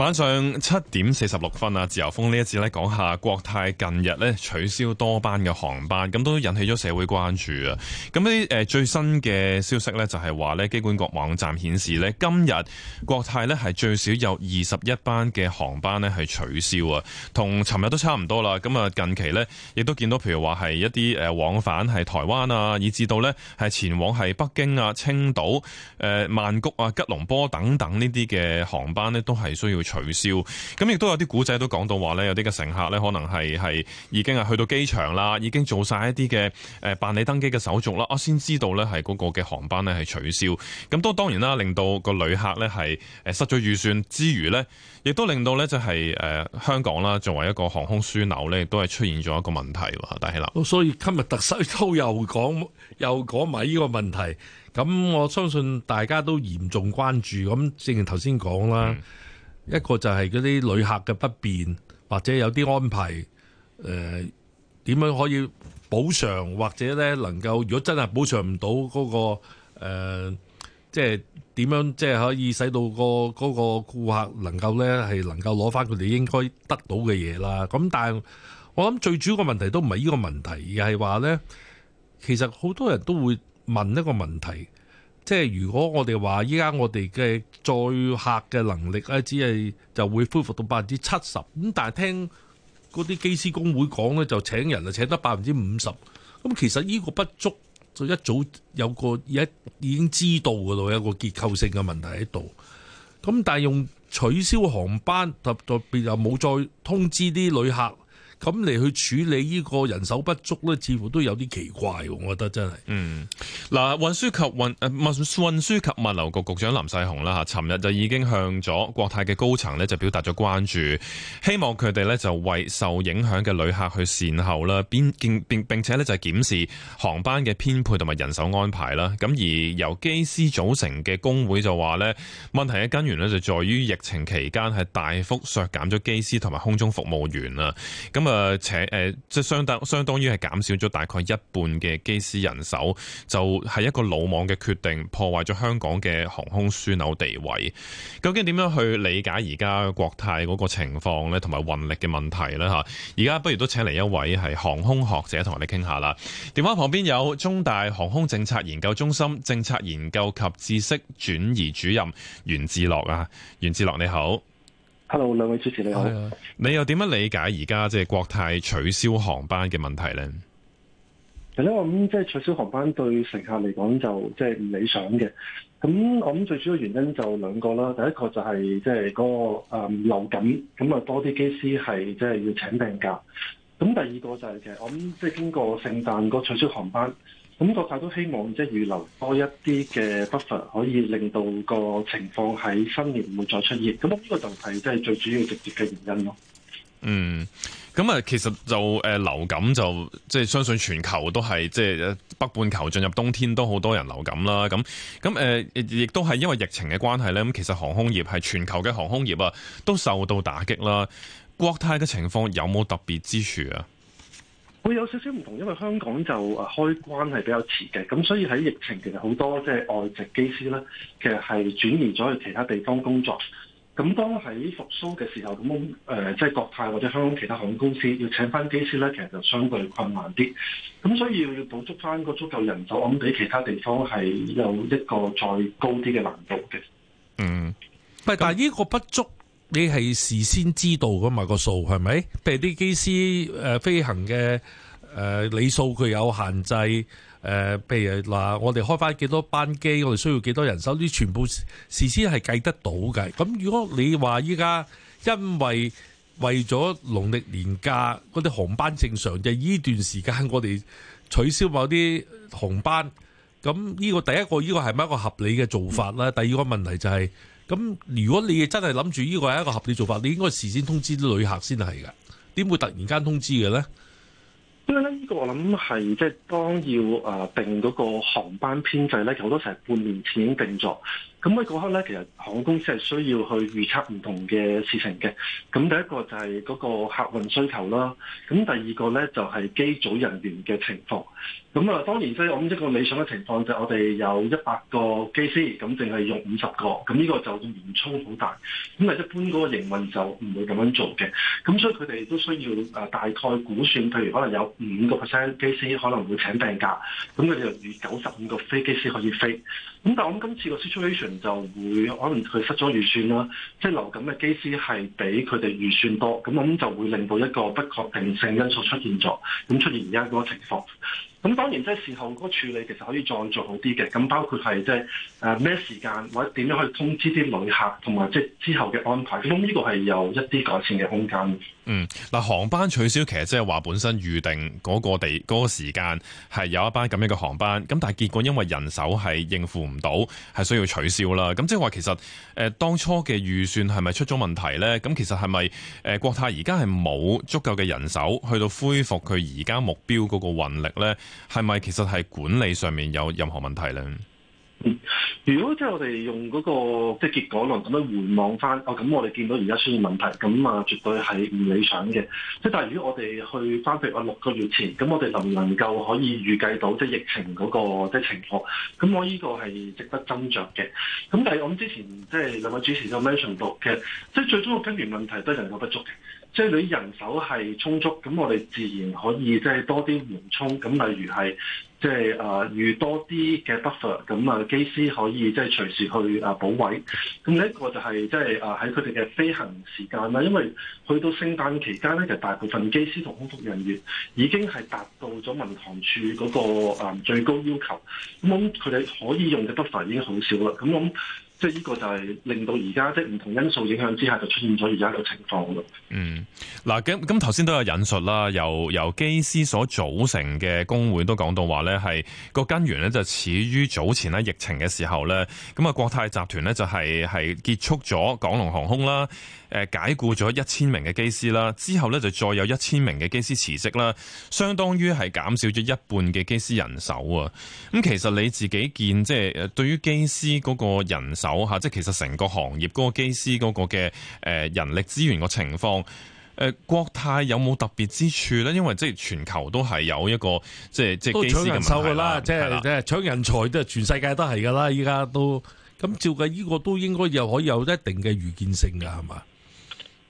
晚上七點四十六分啊！自由風呢一節呢講下國泰近日呢取消多班嘅航班，咁都引起咗社會關注啊！咁呢誒最新嘅消息呢，就係話呢機管局網站顯示呢，今日國泰呢係最少有二十一班嘅航班呢係取消啊，同尋日都差唔多啦。咁啊，近期呢亦都見到，譬如話係一啲誒往返係台灣啊，以至到呢係前往係北京啊、青島、誒曼谷啊、吉隆坡等等呢啲嘅航班呢都係需要。取消。咁亦都有啲古仔都講到話咧，有啲嘅乘客咧，可能係係已經係去到機場啦，已經做晒一啲嘅誒辦理登機嘅手續啦，我先知道咧係嗰個嘅航班咧係取消，咁都當然啦，令到個旅客咧係誒失咗預算之餘咧，亦都令到咧就係誒香港啦作為一個航空樞紐咧，都係出現咗一個問題，但係啦，所以今日特首都又講，又講埋呢個問題，咁我相信大家都嚴重關注。咁正如頭先講啦。一個就係嗰啲旅客嘅不便，或者有啲安排，誒點樣可以補償，或者呢能夠，如果真係補償唔到嗰個，即係點樣，即係可以使到個嗰個顧客能夠呢係能夠攞翻佢哋應該得到嘅嘢啦。咁但係我諗最主要個問題都唔係呢個問題，而係話呢，其實好多人都會問一個問題。即係如果我哋話依家我哋嘅載客嘅能力咧，只係就會恢復到百分之七十。咁但係聽嗰啲機師工會講咧，就請人啊請得百分之五十。咁其實呢個不足就一早有一個已已經知道嘅咯，有個結構性嘅問題喺度。咁但係用取消航班特別又冇再通知啲旅客。咁嚟去處理呢個人手不足呢，似乎都有啲奇怪，我覺得真係。嗯，嗱，運輸及運誒運輸及物流局局長林世雄啦嚇，尋日就已經向咗國泰嘅高層呢就表達咗關注，希望佢哋呢就為受影響嘅旅客去善後啦，邊兼併，並且呢，就係檢視航班嘅編配同埋人手安排啦。咁而由機師組成嘅工會就話呢，問題嘅根源呢就在於疫情期間係大幅削減咗機師同埋空中服務員啦咁誒、呃呃，即相當相當於係減少咗大概一半嘅機師人手，就係、是、一個魯莽嘅決定，破壞咗香港嘅航空樞紐、紐地位。究竟點樣去理解而家國泰嗰個情況咧，同埋運力嘅問題呢？吓，而家不如都請嚟一位係航空學者同我哋傾下啦。電話旁邊有中大航空政策研究中心政策研究及知識轉移主任袁志樂啊，袁志樂你好。hello，兩位主持你好，Yeah. 你又點樣理解而家即係國泰取消航班嘅問題咧？誒，我諗即係取消航班對乘客嚟講就即係唔理想嘅。咁我諗最主要原因就兩個啦。第一個就係即係嗰個流感，咁啊多啲機師係即係要請病假。咁第二個就係、其實、嘅，我諗即係經過聖誕個取消航班。咁國泰都希望即係預留多一啲嘅不 u 可以令到個情況喺新年唔會再出現。咁呢個就係即係最主要直接嘅原因咯、嗯。嗯，咁啊，其實就誒、呃、流感就即係相信全球都係即係北半球進入冬天都好多人流感啦。咁咁誒，亦、嗯呃、都係因為疫情嘅關係咧。咁其實航空業係全球嘅航空業啊，都受到打擊啦。國泰嘅情況有冇特別之處啊？會有少少唔同，因為香港就開關係比較遲嘅，咁所以喺疫情其實好多即係外籍機師咧，其實係轉移咗去其他地方工作。咁當喺復甦嘅時候，咁即係國泰或者香港其他航空公司要請翻機師咧，其實就相對困難啲。咁所以要補足翻個足夠人手，咁比其他地方係有一個再高啲嘅難度嘅。嗯，但係呢個不足。你係事先知道噶嘛？嗰個數係咪？譬如啲機師飛行嘅、呃、理數佢有限制誒、呃，譬如嗱，我哋開翻幾多班機，我哋需要幾多人手，啲全部事先係計得到嘅。咁如果你話依家因為為咗農曆年假嗰啲航班正常，就係呢段時間我哋取消某啲航班，咁呢個第一個呢、呢個係咪一個合理嘅做法啦？嗯、第二個問題就係、是。咁如果你真係諗住呢個係一個合理做法，你應該事先通知啲旅客先係㗎，點會突然間通知嘅咧？因為咧，呢個我諗係即係當要定嗰個航班編制咧，有好多時係半年前已經定咗。咁喺嗰刻咧，其實航空公司係需要去預測唔同嘅事情嘅。咁第一個就係嗰個客運需求啦。咁第二個咧就係機組人員嘅情況。咁啊，當然即係我諗一個理想嘅情況就係我哋有一百個機師，咁淨係用五十個，咁呢個就嘅容充好大。咁啊，一般嗰個營運就唔會咁樣做嘅。咁所以佢哋都需要啊大概估算，譬如可能有五個 percent 機師可能會請病假，咁佢哋就預九十五個飛機師可以飛。咁但係我諗今次個 situation 就會可能佢失咗預算啦，即係流感嘅機師係比佢哋預算多，咁咁就會令到一個不確定性因素出現咗，咁出現而家嗰個情況。咁當然即係事後嗰個處理其實可以再做好啲嘅，咁包括係即係誒咩時間或者點樣去通知啲旅客，同埋即係之後嘅安排，咁呢個係有一啲改善嘅空間。嗯，嗱，航班取消其實即係話本身預定嗰個地嗰、嗰個時間係有一班咁樣嘅航班，咁但係結果因為人手係應付唔到，係需要取消啦。咁即係話其實誒、呃、當初嘅預算係咪出咗問題呢？咁其實係咪、呃、國泰而家係冇足夠嘅人手去到恢復佢而家目標嗰個運力呢？係咪其實係管理上面有任何問題呢？嗯，如果即係我哋用嗰個即係結果論咁樣回望翻，哦，咁我哋見到而家出現問題，咁啊絕對係唔理想嘅。即係但係如果我哋去翻，譬如話六個月前，咁我哋能唔能夠可以預計到即係疫情嗰個即係情況？咁我呢個係值得斟酌嘅。咁但係我哋之前即係、就是、兩位主持人就 mention 到的，嘅，即係最終嘅根源問題都係人，就是、人手不足嘅。即係你人手係充足，咁我哋自然可以即係多啲緩衝。咁例如係。即係誒預多啲嘅 buffer，咁啊機師可以即係隨時去誒補位。咁另一個就係即係誒喺佢哋嘅飛行時間啦，因為去到聖誕期間咧，其實大部分機師同空服人員已經係達到咗民航處嗰個最高要求，咁佢哋可以用嘅 buffer 已經好少啦，咁咁。即係呢個就係令到而家即係唔同因素影響之下，就出現咗而家個情況咯。嗯，嗱咁咁頭先都有引述啦，由由機師所組成嘅工會都講到話咧，係個根源咧就始於早前咧疫情嘅時候咧，咁啊國泰集團咧就係係結束咗港龍航空啦。誒解僱咗一千名嘅機師啦，之後咧就再有一千名嘅機師辭職啦，相當於係減少咗一半嘅機師人手啊！咁其實你自己見即係誒，即係、對於機師嗰個人手即係其實成個行業嗰個機師嗰個嘅人力資源個情況，誒國泰有冇特別之處咧？因為即係全球都係有一個即係即係搶人手噶啦，即係即係搶人才都係全世界都係噶啦，依家都咁照計，呢個都應該又可以有一定嘅預見性噶，係嘛？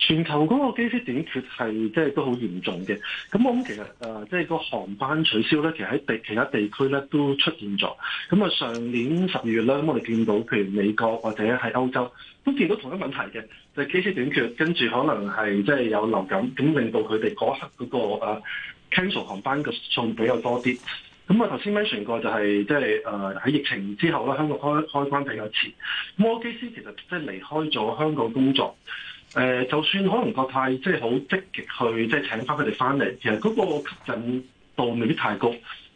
全球嗰個機師短缺係即係都好嚴重嘅，咁我諗其實誒，即係個航班取消咧，其實喺地其他地區咧都出現咗。咁啊，上年十二月咧，我哋見到譬如美國或者喺歐洲都見到同一問題嘅，就係機師短缺，跟住可能係即係有流感，咁令到佢哋嗰刻嗰個 cancel 航班嘅數量比較多啲。咁我頭先 mention 過就係即係誒喺疫情之後咧，香港開開關比較遲。摩、那個、機師其實即係離開咗香港工作，誒就算可能國泰即係好積極去即係請翻佢哋翻嚟，其實嗰個吸引度未必太高。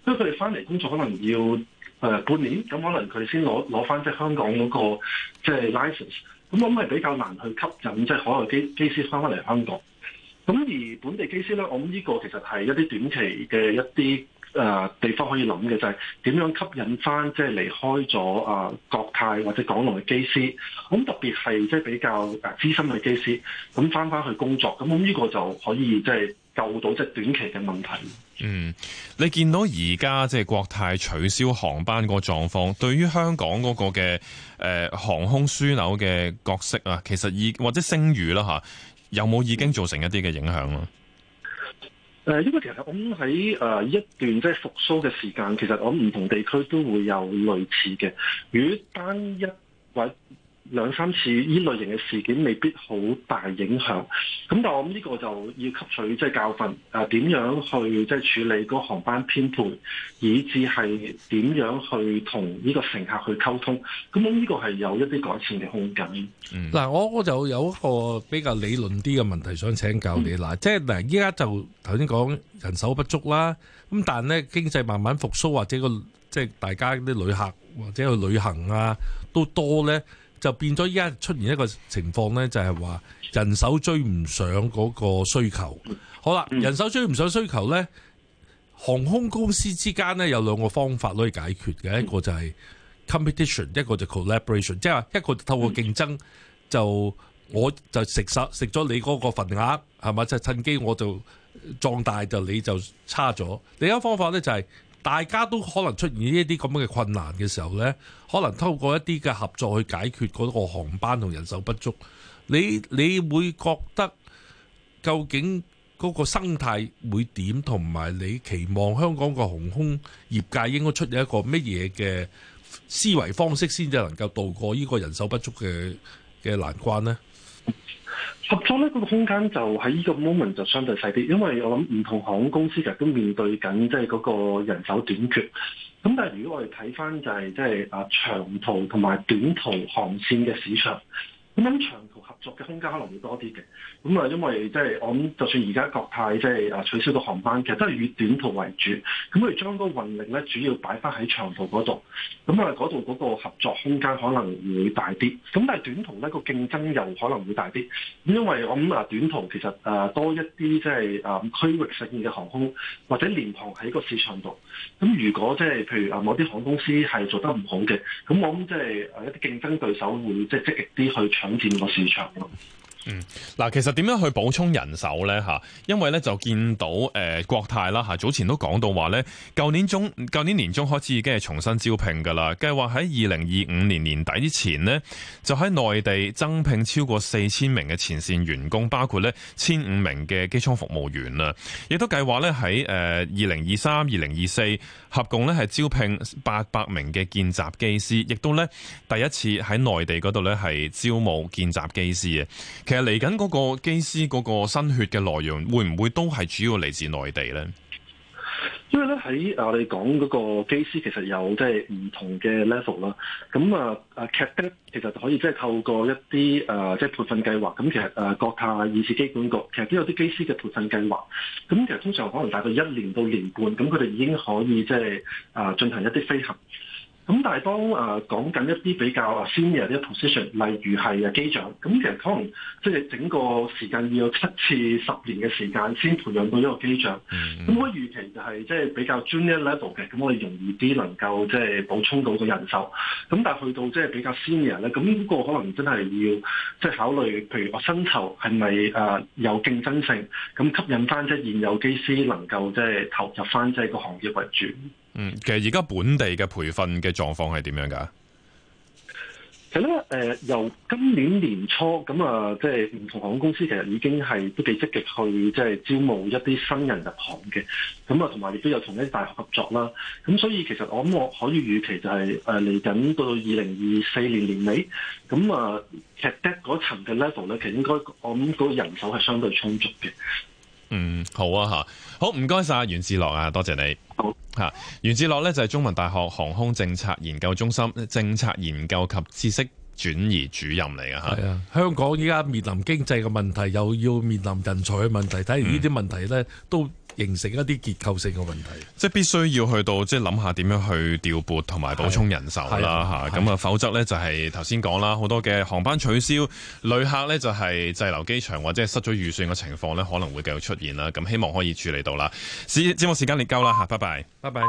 因為佢哋翻嚟工作可能要誒半年，咁可能佢哋先攞攞翻即係香港嗰個即係 license，咁我諗係比較難去吸引即係海外機機師翻翻嚟香港。咁而本地機師咧，我諗呢個其實係一啲短期嘅一啲。誒、呃、地方可以諗嘅就係點樣吸引翻即係離開咗啊、呃、國泰或者港龍嘅機師，咁特別係即係比較誒資深嘅機師，咁翻翻去工作，咁咁呢個就可以即係救到即係短期嘅問題。嗯，你見到而家即係國泰取消航班個狀況，對於香港嗰個嘅誒、呃、航空樞紐嘅角色啊，其實已或者聲譽啦嚇，有冇已經造成一啲嘅影響啦？誒，因為其實我諗喺誒一段即係復甦嘅時間，其實我諗唔同地區都會有類似嘅，如果單一或，兩三次呢類型嘅事件未必好大影響，咁但係我諗呢個就要吸取即係教訓，誒、啊、點樣去即係處理嗰航班編配，以至係點樣去同呢個乘客去溝通，咁、嗯、呢、呢個係有一啲改善嘅空間。嗱、嗯，我我就有一個比較理論啲嘅問題想請教你，嗱、嗯，即係嗱依家就頭先講人手不足啦，咁但係咧經濟慢慢復甦或者個即係大家啲旅客或者去旅行啊都多咧。就變咗依家出現一個情況呢，就係話人手追唔上嗰個需求。好啦，人手追唔上需求呢，航空公司之間呢，有兩個方法可以解決嘅，一個就係 competition，一個就 collaboration，即係話一個，就一個就透過競爭就我就食食咗你嗰個份額，係咪？就趁機我就壯大，就你就差咗。另一個方法呢，就係、是。大家都可能出現一啲咁嘅困難嘅時候呢，可能透過一啲嘅合作去解決嗰個航班同人手不足。你你會覺得究竟嗰個生態會點，同埋你期望香港個航空業界應該出現一個乜嘢嘅思維方式，先至能夠渡過呢個人手不足嘅嘅難關呢？合作咧，嗰個空間就喺呢個 moment 就相對細啲，因為我諗唔同航空公司其實都面對緊即係嗰個人手短缺。咁但係如果我哋睇翻就係即係啊長途同埋短途航線嘅市場。咁咁長途合作嘅空間可能會多啲嘅，咁啊因為即係我諗，就算而家國泰即係啊取消咗航班，其實都係以短途為主，咁佢將個運力咧主要擺翻喺長途嗰度，咁啊嗰度嗰個合作空間可能會大啲，咁但係短途咧個競爭又可能會大啲，咁因為我諗啊短途其實誒多一啲即係啊區域性嘅航空或者廉航喺個市場度，咁如果即係譬如啊某啲航空公司係做得唔好嘅，咁我諗即係啊一啲競爭對手會即係積極啲去搶佔個市場咯。 嗯，嗱，其實點樣去補充人手呢？吓，因為咧就見到誒、呃、國泰啦，吓，早前都講到話呢舊年中、舊年年中開始已經係重新招聘噶啦，計劃喺二零二五年年底之前呢，就喺內地增聘超過四千名嘅前線員工，包括呢千五名嘅機艙服務員，亦都計劃呢喺誒二零二三、二零二四合共呢係招聘八百名嘅見習機師，亦都呢第一次喺內地嗰度呢係招募見習機師嚟緊嗰個機師嗰個新血嘅來源，會唔會都係主要嚟自內地咧？因為咧喺誒，在我哋講嗰個機師其實有即係唔同嘅 level 啦。咁啊啊，劇其實咧可以即係透過一啲誒，即、呃、係、就是、培訓計劃。咁其實誒、呃，國泰、二是機管局其實都有啲機師嘅培訓計劃。咁其實通常可能大概一年到年半，咁佢哋已經可以即係啊，進、呃、行一啲飛行。咁但係當誒講緊一啲比較 senior 啲 position，例如係機長，咁其實可能即係整個時間要有七至十年嘅時間先培養到一個機長。咁、mm hmm. 我預期就係即係比較 junior level 嘅，咁我哋容易啲能夠即係補充到個人手。咁但係去到即係比較 senior 咧，咁呢個可能真係要即係考慮，譬如話薪酬係咪誒有競爭性，咁吸引翻即係現有機師能夠即係投入翻即係個行業為主。嗯，其實而家本地嘅培訓嘅狀況係點樣噶？其實咧，誒、呃，由今年年初咁啊、嗯，即係唔同航空公司，其實已經係都幾積極去即係招募一啲新人入行嘅。咁、嗯、啊，同埋亦都有同一啲大學合作啦。咁、嗯、所以其實我諗我，我可以預期就係誒嚟緊到二零二四年年尾，咁啊，其實得嗰層嘅 level 咧，其實應該我諗個人手係相對充足嘅。嗯，好啊，吓，好，唔該晒袁志樂啊，多謝，謝你。吓，袁志樂咧就係中文大學航空政策研究中心政策研究及知識轉移主任嚟嘅吓。係啊，香港依家面臨經濟嘅問題，又要面臨人才嘅問題，睇嚟呢啲問題咧都。嗯形成一啲結構性嘅問題，即係必須要去到即係諗下點樣去調撥同埋補充人手啦嚇咁啊，啊，啊，啊否則呢、就係，就係頭先講啦，好多嘅航班取消，旅客呢就係滯留機場或者係失咗預算嘅情況呢可能會繼續出現啦。咁希望可以處理到啦。節目時間列夠啦嚇，拜拜，拜拜。